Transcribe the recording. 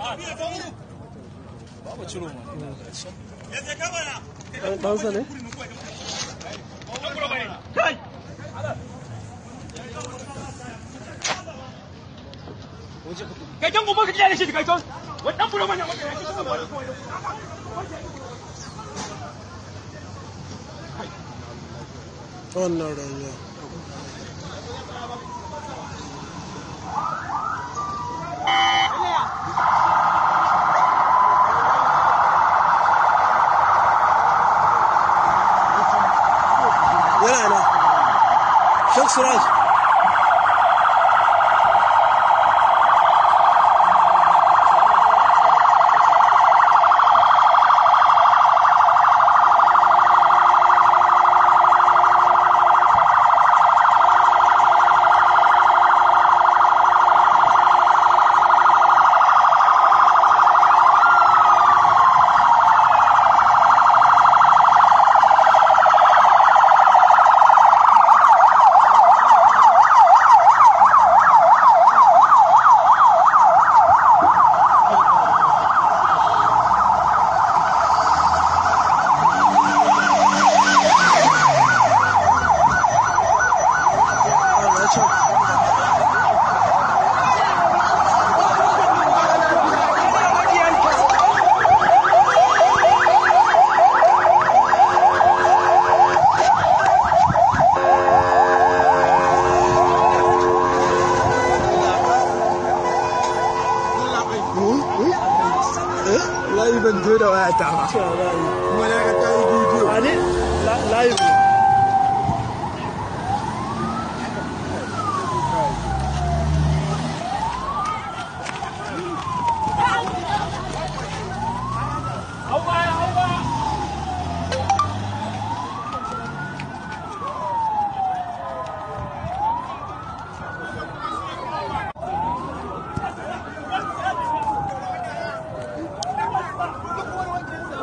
Babu ciro ولا انا شوف سراج لايف انتو لو هاتا ما لك تايجي جو لايف